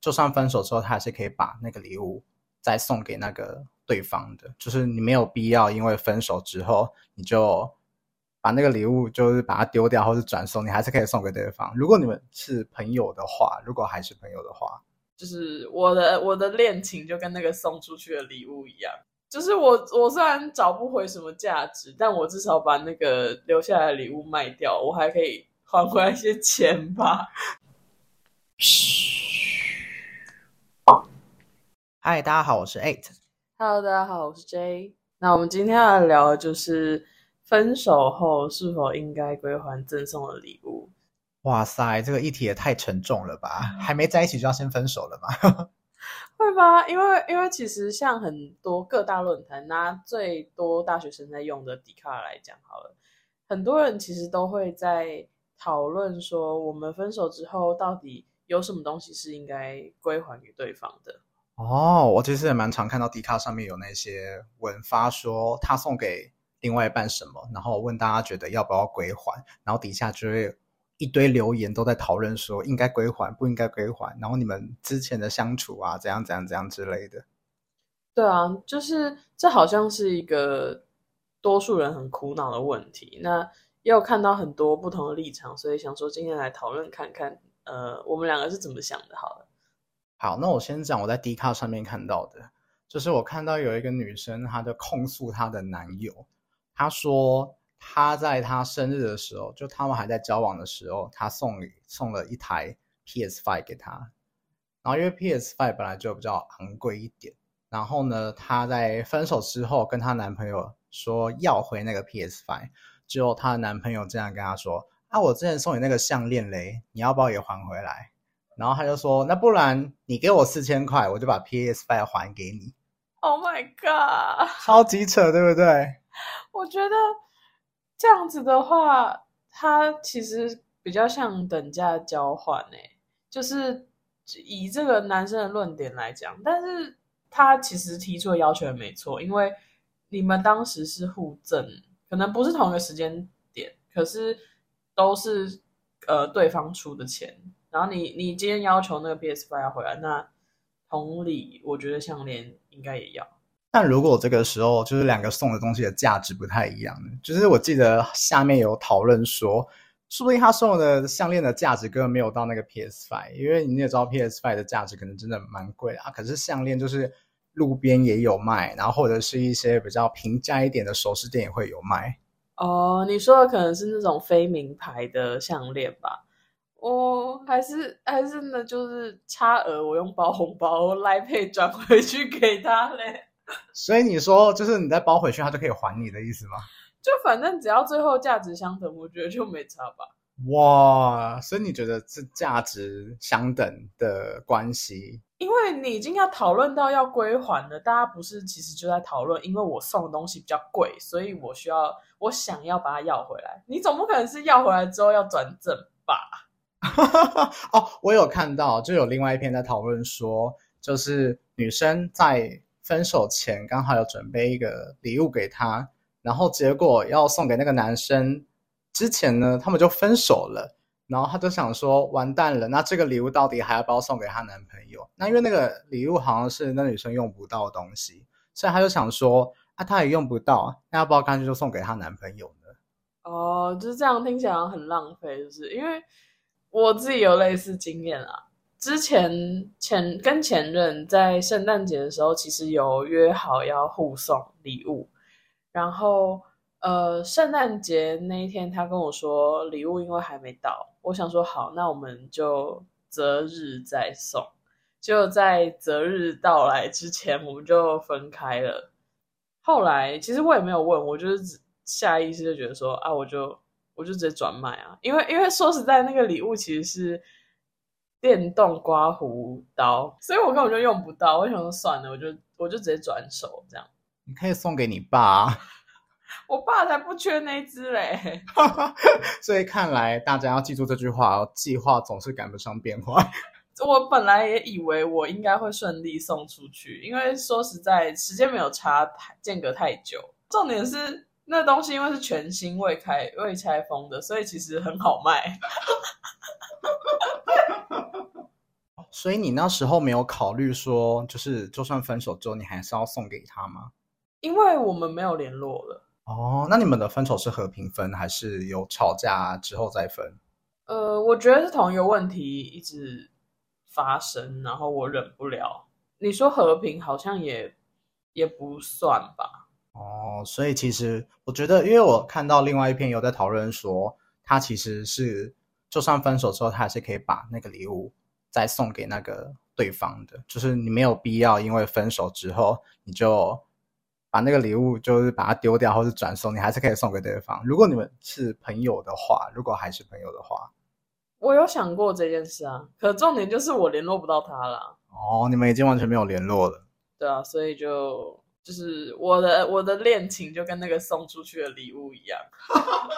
就算分手之後，他還是可以把那個禮物再送給那個對方的。就是你沒有必要因為分手之後你就把那個禮物就是把它丟掉，或是轉送，你還是可以送給對方。如果你們是朋友的話，如果還是朋友的話，就是我的我的戀情就跟那個送出去的禮物一樣。就是我我雖然找不回什麼價值，但我至少把那個留下來的禮物賣掉，我還可以還回來一些錢吧。 嗨，大家好，我是 Eight。Hello，大家好，我是 Jay。那我們今天要聊的就是分手後是否應該歸還贈送的禮物？哇塞，這個議題也太沉重了吧！還沒在一起就要先分手了嗎？ 會吧，因為因為其實像很多各大論壇拿、啊、最多大學生在用的 Dcard 來講好了，很多人其實都會在討論說，我們分手之後到底有什麼東西是應該歸還於對方的？哦，我其實也蠻常看到 D 卡上面有那些文發說他送給另外一半什麼，然後問大家覺得要不要歸還，然後底下就會一堆留言都在討論說應該歸還、不應該歸還，然後你們之前的相處啊怎樣怎樣怎樣之類的。對啊，就是這好像是一個多數人很苦惱的問題。那也有看到很多不同的立場，所以想說今天來討論看看，呃，我們兩個是怎麼想的？好了。好，那我先講我在 D 卡上面看到的，就是我看到有一個女生，她就控訴她的男友。她說，她在她生日的時候，就他們還在交往的時候，她送送了一台 PS Five 給她。然後因為 PS Five 本來就比較昂貴一點，然後呢，她在分手之後跟她男朋友說要回那個 PS Five，之後她的男朋友這樣跟她說：“啊，我之前送你那個項鏈嘞，你要不要也還回來？”然後他就說：“那不然你給我四千塊，我就把 PS5 還給你。”Oh my god！超級扯，對不對？我覺得這樣子的話，他其實比較像等價交換、欸，哎，就是以這個男生的論點來講，但是他其實提出的要求也沒錯，因為你們當時是互贈，可能不是同一個時間點，可是都是呃對方出的錢。然後你你今天要求那個 PS Five 要回來，那同理，我覺得項鏈應該也要。但如果這個時候就是兩個送的東西的價值不太一樣，就是我記得下面有討論說，說不定他送的項鏈的價值根本沒有到那個 PS Five，因為你也知道 PS Five 的價值可能真的蠻貴的啊。可是項鏈就是路邊也有賣，然後或者是一些比較平價一點的首飾店也會有賣。哦，你說的可能是那種非名牌的項鏈吧。我還是還是呢，就是差額我用包紅包來配轉回去給他嘞。所以你說就是你再包回去，他就可以還你的意思嗎？就反正只要最後價值相等，我覺得就沒差吧。哇，所以你覺得是價值相等的關係？因為你已經要討論到要歸還了，大家不是其實就在討論，因為我送的東西比較貴，所以我需要我想要把它要回來。你總不可能是要回來之後要轉正吧？哈哈哈！哦，我有看到，就有另外一篇在討論說，就是女生在分手前剛好有準備一個禮物給他，然後結果要送給那個男生之前呢，他們就分手了，然後她就想說，完蛋了，那這個禮物到底還要不要送給她男朋友？那因為那個禮物好像是那女生用不到的東西，所以她就想說，那、啊、她也用不到，那要不要乾脆就送給她男朋友呢？哦，就是這樣，聽起來很浪費，就是因為。我自己有類似經驗啊，之前前跟前任在聖誕節的時候，其實有約好要互送禮物，然後呃，聖誕節那一天他跟我說禮物因為還沒到，我想說好，那我們就擇日再送，就在擇日到來之前我們就分開了。後來其實我也沒有問，我就是下意識就覺得說啊，我就。我就直接轉賣啊，因為因為說實在，那個禮物其實是電動刮鬍刀，所以我根本就用不到。我想說算了，我就我就直接轉手這樣。你可以送給你爸，我爸才不缺那一隻嘞。 所以看來大家要記住這句話哦：計劃總是趕不上變化。 我本來也以為我應該會順利送出去，因為說實在，時間沒有差太間隔太久。重點是。那東西因為是全新未開未拆封的，所以其實很好賣。 所以你那時候沒有考慮說，就是就算分手之後，你還是要送給他嗎？因為我們沒有聯絡了。哦，那你們的分手是和平分，還是有吵架之後再分？呃，我覺得是同一個問題一直發生，然後我忍不了。你說和平好像也也不算吧。哦，所以其實我覺得，因為我看到另外一篇有在討論說，他其實是就算分手之後，他還是可以把那個禮物再送給那個對方的，就是你沒有必要因為分手之後你就把那個禮物就是把它丟掉或是轉送，你還是可以送給對方。如果你們是朋友的話，如果還是朋友的話，我有想過這件事啊，可重點就是我聯絡不到他了。哦，你們已經完全沒有聯絡了。對啊，所以就。就是我的我的戀情就跟那個送出去的禮物一樣，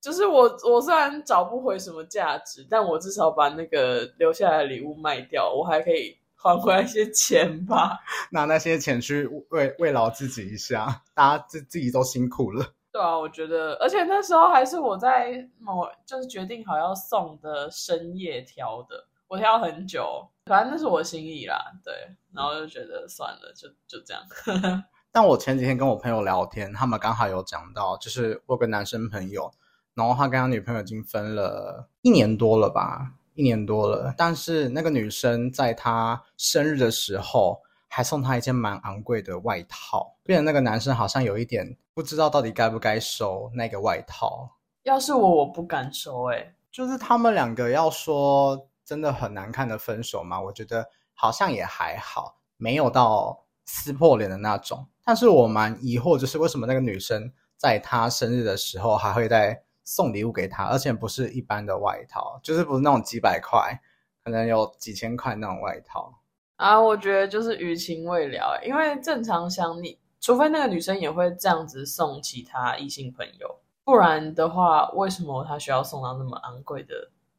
就是我我雖然找不回什麼價值，但我至少把那個留下來的禮物賣掉，我還可以還回來一些錢吧。拿那些錢去慰慰勞自己一下，大家自自己都辛苦了。對啊，我覺得，而且那時候還是我在某就是決定好要送的深夜挑的，我挑很久。反正那是我心意啦，對，然後就覺得算了，就就這樣。 但我前幾天跟我朋友聊天，他們剛好有講到，就是我有個男生朋友，然後他跟他女朋友已經分了一年多了吧，一年多了。但是那個女生在他生日的時候還送他一件蠻昂貴的外套，變成那個男生好像有一點不知道到底該不該收那個外套。要是我，我不敢收，欸，哎。就是他們兩個要說。真的很難看的分手嘛？我覺得好像也還好，沒有到撕破臉的那種。但是我蠻疑惑，就是為什麼那個女生在她生日的時候還會再送禮物給她，而且不是一般的外套，就是不是那種幾百塊，可能有幾千塊那種外套。啊，我覺得就是餘情未了，因為正常想，你除非那個女生也會這樣子送其他異性朋友，不然的話，為什麼她需要送到那麼昂貴的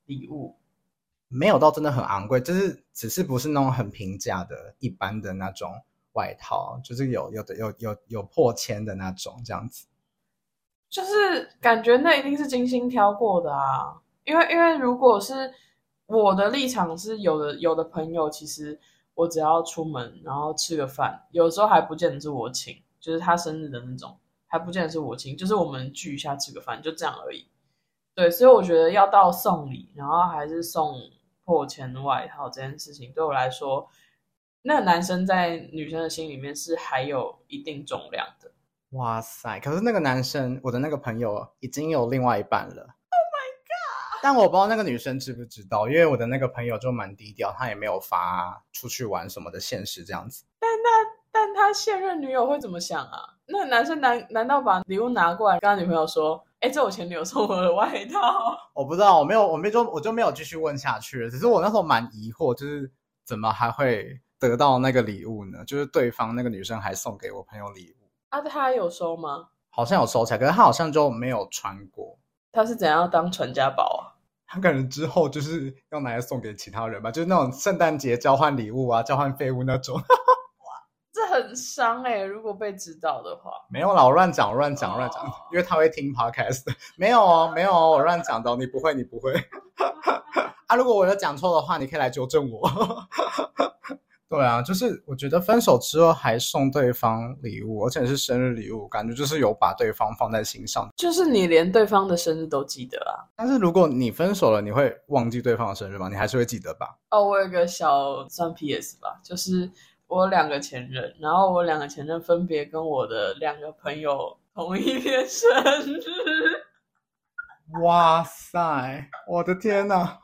禮物？沒有到真的很昂貴，就是只是不是那種很平價的，一般的那種外套，就是有有的有有有破千的那種這樣子，就是感覺那一定是精心挑過的啊，因為因為如果是我的立場是有的有的朋友，其實我只要出門然後吃個飯，有時候還不見得是我請，就是他生日的那種還不見得是我請，就是我們聚一下吃個飯就這樣而已，對，所以我覺得要到送禮，然後還是送。破千外套這件事情對我來說，那個男生在女生的心裡面是還有一定重量的。哇塞！可是那個男生，我的那個朋友已經有另外一半了。Oh my god！但我不知道那個女生知不知道，因為我的那個朋友就蠻低調，他也沒有發出去玩什麼的現實這樣子。但那，但他現任女友會怎麼想啊？那男生難難道把禮物拿過來，跟他女朋友說？嗯哎、欸，這我前女友送我的外套，我不知道，我沒有，我沒就我就沒有繼續問下去了。只是我那時候蠻疑惑，就是怎麼還會得到那個禮物呢？就是對方那個女生還送給我朋友禮物。啊，他有收嗎？好像有收起來，可是他好像就沒有穿過、嗯。他是怎樣？要當傳家寶啊？他可能之後就是用來，來送給其他人吧，就是那種聖誕節交換禮物啊，交換廢物那種。 傷哎、欸，如果被知道的話，沒有啦，我亂講亂講亂講，oh. 因為他會聽 Podcast。 沒有哦，沒有哦，我亂講的，你不會，你不會。 啊，如果我有講錯的話，你可以來糾正我。 對啊，就是我覺得分手之後還送對方禮物，而且是生日禮物，感覺就是有把對方放在心上。就是你連對方的生日都記得啊？但是如果你分手了，你會忘記對方的生日嗎？你還是會記得吧？哦、oh,，我有個小算 PS 吧，就是。我兩個前任，然後我兩個前任分別跟我的兩個朋友同一天生日。哇塞，我的天哪，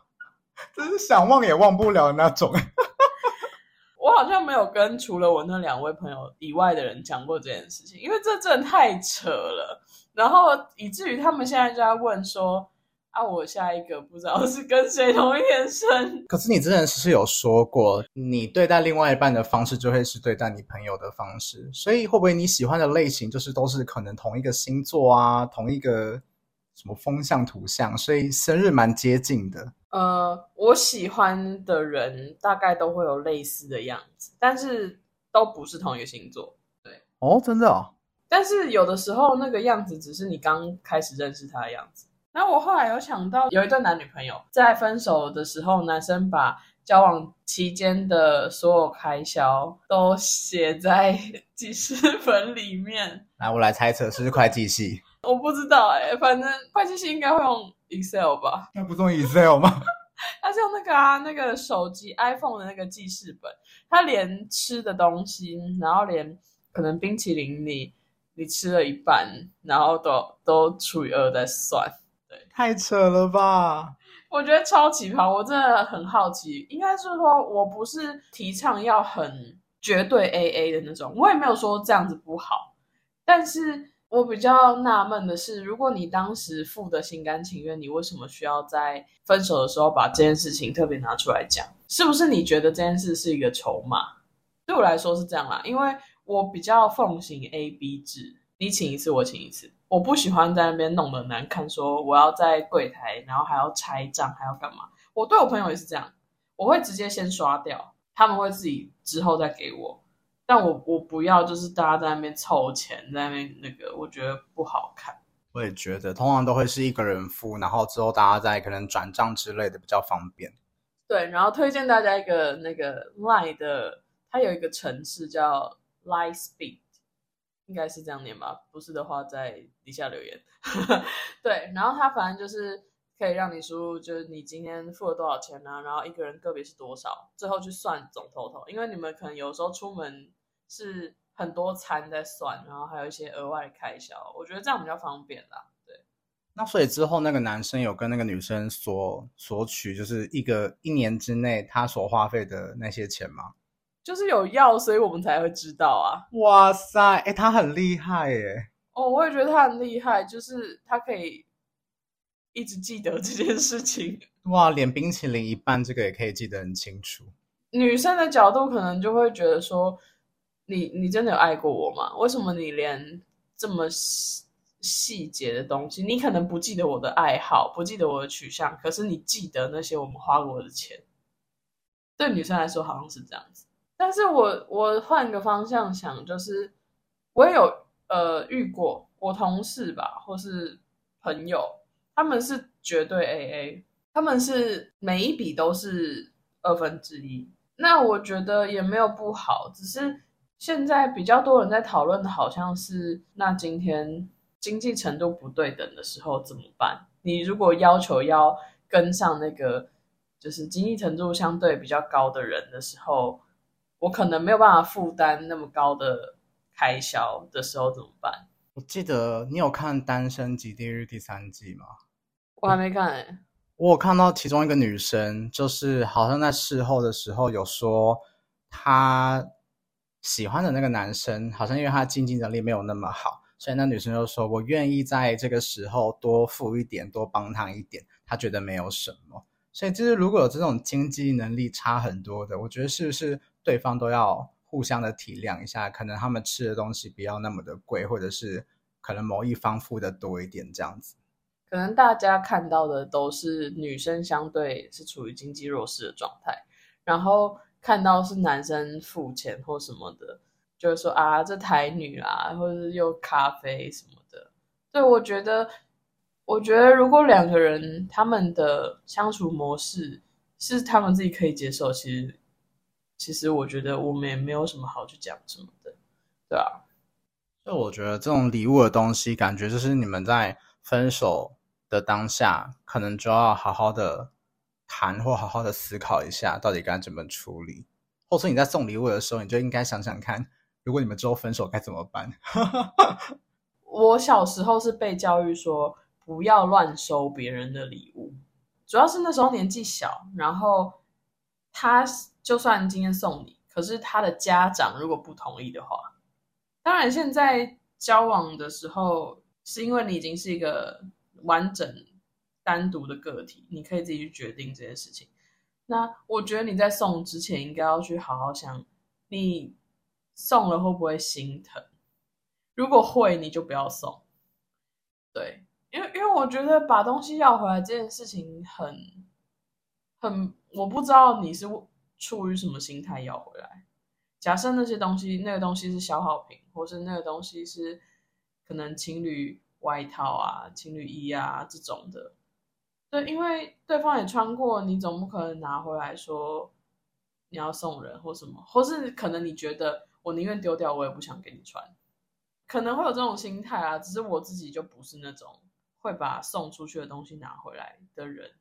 真是想忘也忘不了那種。 我好像沒有跟除了我那兩位朋友以外的人講過這件事情，因為這真的太扯了。然後以至於他們現在就在問說。啊，我下一個不知道是跟誰同一天生。可是你之前是有說過，你對待另外一半的方式就會是對待你朋友的方式，所以會不會你喜歡的類型就是都是可能同一個星座啊，同一個什麼風象、土象，所以生日蠻接近的。呃，我喜歡的人大概都會有類似的樣子，但是都不是同一個星座。對，哦，真的哦？但是有的時候那個樣子只是你剛開始認識他的樣子。那我後來有想到，有一對男女朋友在分手的時候，男生把交往期間的所有開銷都寫在記事本裡面來。那我來猜測，是會計系。 我不知道哎、欸，反正會計系應該會用 Excel 吧？他不用 Excel 嗎？他是用那個啊，那個手機 iPhone 的那個記事本，他連吃的東西，然後連可能冰淇淋，你你吃了一半，然後都都除以二再算。太扯了吧！我覺得超奇葩，我真的很好奇。應該是說，我不是提倡要很絕對 AA 的那種，我也沒有說這樣子不好。但是我比較納悶的是，如果你當時付的心甘情願，你為什麼需要在分手的時候把這件事情特別拿出來講？是不是你覺得這件事是一個籌碼？對我來說是這樣啦，因為我比較奉行 AB 制，你請一次，我請一次。我不喜歡在那邊弄得難看，說我要在櫃檯，然後還要拆賬，還要幹嘛？我對我朋友也是這樣，我會直接先刷掉，他們會自己之後再給我。但我我不要，就是大家在那邊湊錢，在那邊那個，我覺得不好看。我也覺得，通常都會是一個人付，然後之後大家再可能轉賬之類的比較方便。對，然後推薦大家一個那個 Line 的，它有一個程式叫 Line Speed。應該是這樣念吧，不是的話在底下留言。 對，然後他反正就是可以讓你輸入，就是你今天付了多少錢啊，然後一個人個別是多少，最後去算總 total，因為你們可能有時候出門是很多餐在算，然後還有一些額外開銷，我覺得這樣比較方便啦。對，那所以之後那個男生有跟那個女生索索取，就是一個一年之內他所花費的那些錢嗎？就是有藥，所以我們才會知道啊！哇塞，哎，他很厲害耶。哦，我也覺得他很厲害，就是他可以一直記得這件事情。哇，連冰淇淋一半這個也可以記得很清楚。女生的角度可能就會覺得說，你你真的有愛過我嗎？為什麼你連這麼細節的東西，你可能不記得我的愛好，不記得我的取向，可是你記得那些我們花過的錢。對女生來說，好像是這樣子。但是我我換個方向想，就是我也有呃遇過我同事吧，或是朋友，他們是絕對 AA，他們是每一筆都是二分之一。那我覺得也沒有不好，只是現在比較多人在討論的，好像是那今天經濟程度不對等的時候怎麼辦？你如果要求要跟上那個就是經濟程度相對比較高的人的時候，我可能沒有辦法負擔那麼高的開銷的時候怎麼辦？我記得你有看《單身即地獄》第三季嗎？我還沒看誒、欸。我有看到其中一個女生，就是好像在事後的時候有說，她喜歡的那個男生，好像因為他經濟能力沒有那麼好，所以那女生就說：“我願意在這個時候多付一點，多幫他一點。”她覺得沒有什麼。所以就是如果有這種經濟能力差很多的，我覺得是不是？對方都要互相的體諒一下，可能他們吃的東西不要那麼的貴，或者是可能某一方付的多一點這樣子。可能大家看到的都是女生相對是處於經濟弱勢的狀態，然後看到是男生付錢或什麼的，就是說啊，這台女啊，或者是又咖啡什麼的。對，我覺得，我覺得如果兩個人他們的相處模式是他們自己可以接受，其實。其實我覺得我們也沒有什麼好去講什麼的，對啊。所以我覺得這種禮物的東西，感覺就是你們在分手的當下，可能就要好好的談，或好好的思考一下，到底該怎麼處理。或者說你在送禮物的時候，你就應該想想看，如果你們之後分手該怎麼辦？ 我小時候是被教育說不要亂收別人的禮物，主要是那時候年紀小，然後。他就算今天送你，可是他的家長如果不同意的話，當然現在交往的時候，是因為你已經是一個完整、單獨的個體，你可以自己去決定這件事情。那我覺得你在送之前應該要去好好想，你送了會不會心疼？如果會，你就不要送。對，因為因為我覺得把東西要回來這件事情很很。我不知道你是出於什麼心態要回來。假設那些東西，那個東西是消耗品，或是那個東西是可能情侶外套啊、情侶衣啊這種的，對，因為對方也穿過，你總不可能拿回來說你要送人或什麼，或是可能你覺得我寧願丟掉，我也不想給你穿，可能會有這種心態啊。只是我自己就不是那種會把送出去的東西拿回來的人。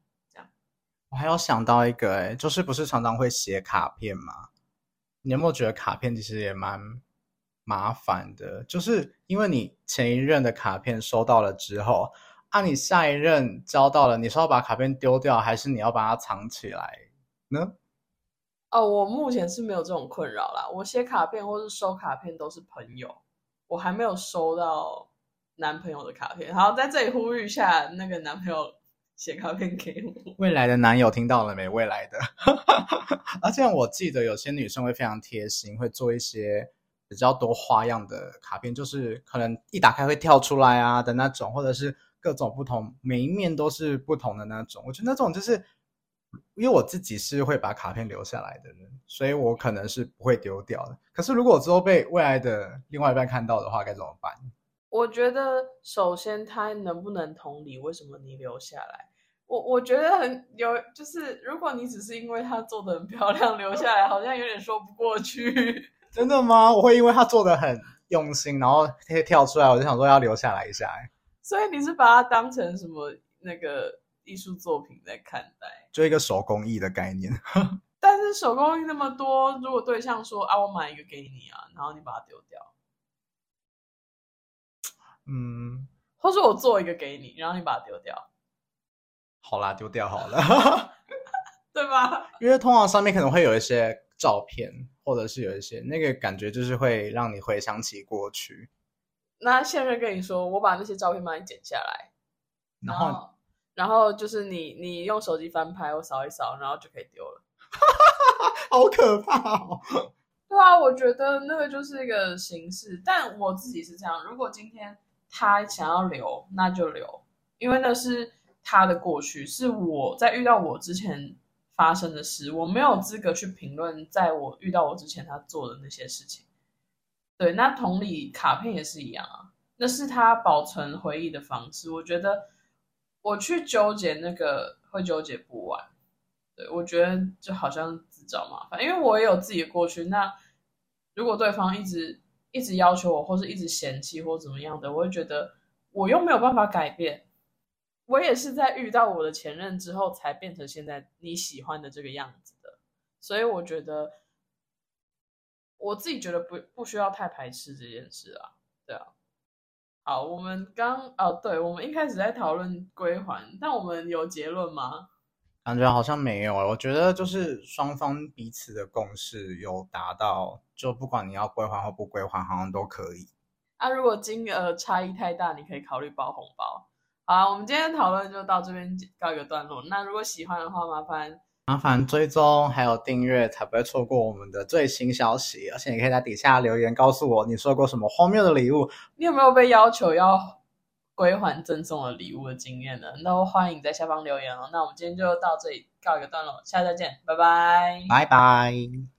我還要想到一個哎，就是不是常常會寫卡片嗎？你有沒有覺得卡片其實也蠻麻煩的？就是因為你前一任的卡片收到了之後，啊，你下一任交到了，你是要把卡片丟掉，還是你要把它藏起來呢？哦，我目前是沒有這種困擾啦。我寫卡片或是收卡片都是朋友，我還沒有收到男朋友的卡片。好，在這裡呼籲一下那個男朋友。寫卡片給我，未來的男友聽到了沒？未來的，哈哈哈。而且我記得有些女生會非常貼心，會做一些比較多花樣的卡片，就是可能一打開會跳出來啊的那種，或者是各種不同，每一面都是不同的那種。我覺得那種就是因為我自己是會把卡片留下來的人，所以我可能是不會丟掉的。可是如果我之後被未來的另外一半看到的話，該怎麼辦？我覺得首先他能不能同理為什麼你留下來？我我覺得很有，就是如果你只是因為他做的很漂亮留下來，好像有點說不過去。真的嗎？我會因為他做的很用心，然後他跳出來，我就想說要留下來一下。所以你是把它當成什麼那個藝術作品在看待？就一個手工藝的概念。 但是手工藝那麼多，如果對象說啊，我買一個給你啊，然後你把它丟掉。嗯，或是我做一個給你，然後你把它丟掉。好啦，丟掉好了， 對吧？因為通常上面可能會有一些照片，或者是有一些那個感覺，就是會讓你回想起過去。那現任跟你說，我把那些照片幫你剪下來，然後，然後就是你你用手機翻拍，我掃一掃，然後就可以丟了。 好可怕哦！對啊，我覺得那個就是一個形式，但我自己是這樣，如果今天。他想要留，那就留，因為那是他的過去，是我在遇到我之前發生的事，我沒有資格去評論，在我遇到我之前他做的那些事情。對，那同理，卡片也是一樣啊，那是他保存回憶的方式。我覺得我去糾結那個會糾結不完，對，我覺得就好像自找麻煩，因為我也有自己的過去。那如果對方一直，一直要求我，或是一直嫌棄，或怎麼樣的，我會覺得我又沒有辦法改變。我也是在遇到我的前任之後，才變成現在你喜歡的這個樣子的。所以我覺得我自己覺得不不需要太排斥這件事啊。對啊，好，我們剛，哦，對，我們一開始在討論歸還，但我們有結論嗎？感覺好像沒有，我覺得就是雙方彼此的共識有達到，就不管你要歸還或不歸還，好像都可以。那、啊、如果金額差異太大，你可以考慮包紅包。好、啊、我們今天的討論就到這邊告一個段落。那如果喜歡的話，麻煩麻煩追蹤還有訂閱，才不會錯過我們的最新消息。而且你可以在底下留言告訴我，你收過什麼荒謬的禮物？你有沒有被要求要？歸還贈送的禮物的經驗呢？那我歡迎在下方留言哦。那我們今天就到這裡告一個段落，下次再見，拜拜，拜拜。